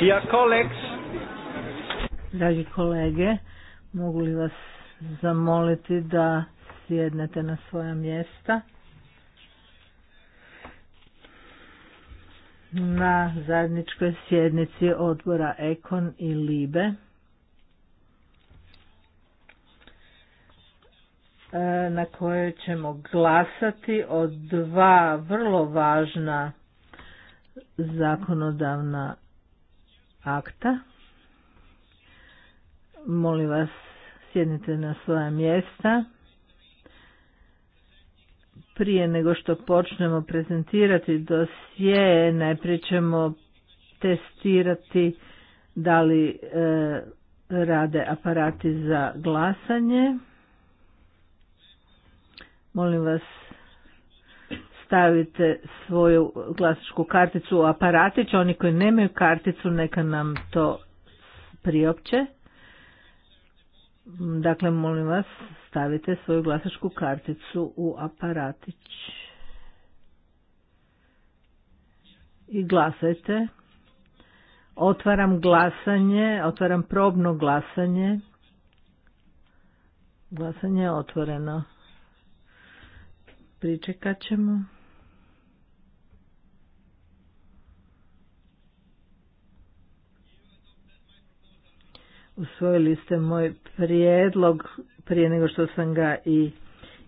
Dear colleagues. Dragi kolege, mogu li vas zamoliti da sjednete na svoja mjesta? Na zajedničkoj sjednici odbora Ekon i Libe. E, na kojoj ćemo glasati o dva vrlo važna zakonodavna akta. Molim vas, sjednite na svoja mjesta. Prije nego što počnemo prezentirati dosije, najprije ćemo testirati da li e, rade aparati za glasanje. Molim vas, stavite svoju glasačku karticu u aparatić, oni koji nemaju karticu neka nam to priopće. Dakle, molim vas, stavite svoju glasačku karticu u aparatić. I glasajte. Otvaram glasanje, otvaram probno glasanje. Glasanje je otvoreno. Pričekat ćemo. usvojili ste moj prijedlog prije nego što sam ga i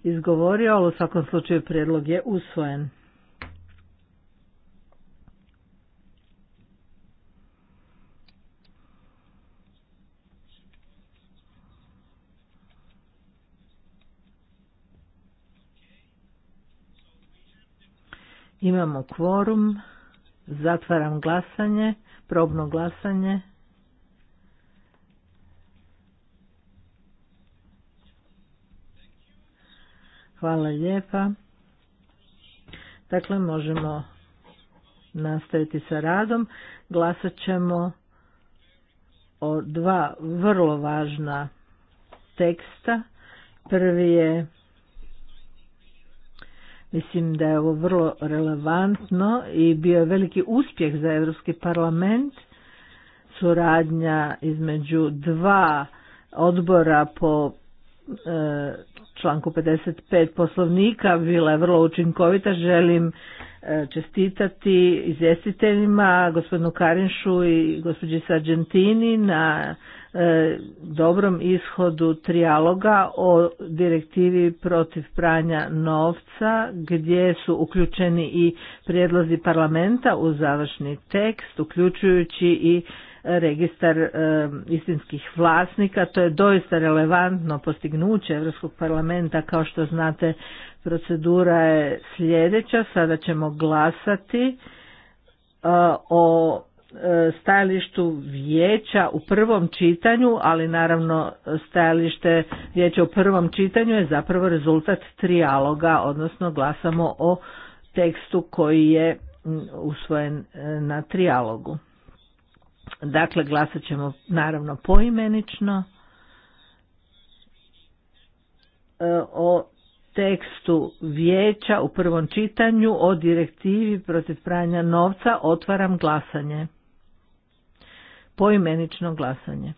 izgovorio, ali u svakom slučaju prijedlog je usvojen. Imamo kvorum, zatvaram glasanje, probno glasanje. Hvala lijepa. Dakle, možemo nastaviti sa radom. Glasat ćemo o dva vrlo važna teksta. Prvi je, mislim da je ovo vrlo relevantno i bio je veliki uspjeh za Europski parlament, suradnja između dva odbora po E, članku 55 poslovnika bila je vrlo učinkovita. Želim e, čestitati izvjestiteljima, gospodinu Karinšu i gospođi Sargentini na e, dobrom ishodu trijaloga o direktivi protiv pranja novca gdje su uključeni i prijedlozi parlamenta u završni tekst uključujući i registar e, istinskih vlasnika. To je doista relevantno postignuće Europskog parlamenta. Kao što znate, procedura je sljedeća. Sada ćemo glasati e, o e, stajalištu vijeća u prvom čitanju, ali naravno stajalište vijeća u prvom čitanju je zapravo rezultat trijaloga, odnosno glasamo o tekstu koji je usvojen na trijalogu. Dakle, glasat ćemo naravno poimenično e, o tekstu vijeća u prvom čitanju o direktivi protiv pranja novca otvaram glasanje. Poimenično glasanje.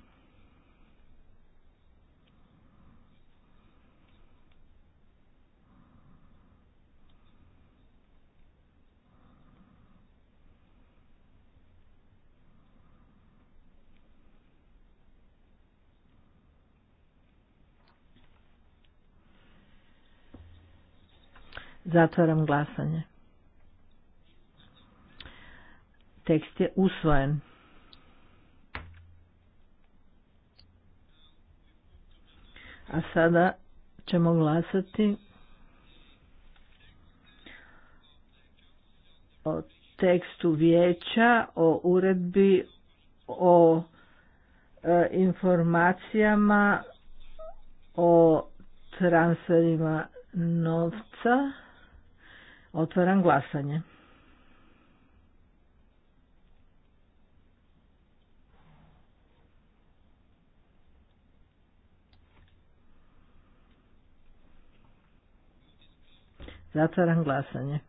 Zatvaram glasanje. Tekst je usvojen. A sada ćemo glasati o tekstu vijeća, o uredbi, o e, informacijama, o transferima novca. Otvaram glasanje. Zatvaram glasanje.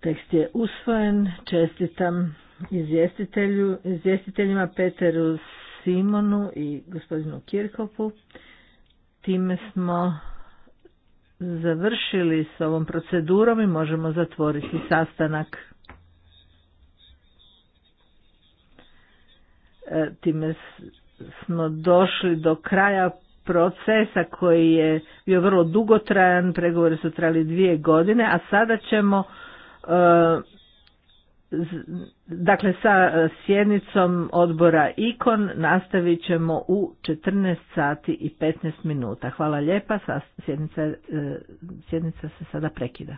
Tekst je usvojen. Čestitam izvjestitelju, izvjestiteljima Peteru Simonu i gospodinu Kirkopu. Time smo završili s ovom procedurom i možemo zatvoriti sastanak. E, time smo došli do kraja procesa koji je bio vrlo dugotrajan, pregovori su trajali dvije godine, a sada ćemo e, Dakle, sa e, sjednicom odbora IKON nastavit ćemo u 14 sati i 15 minuta. Hvala lijepa, sjednica, e, sjednica se sada prekida.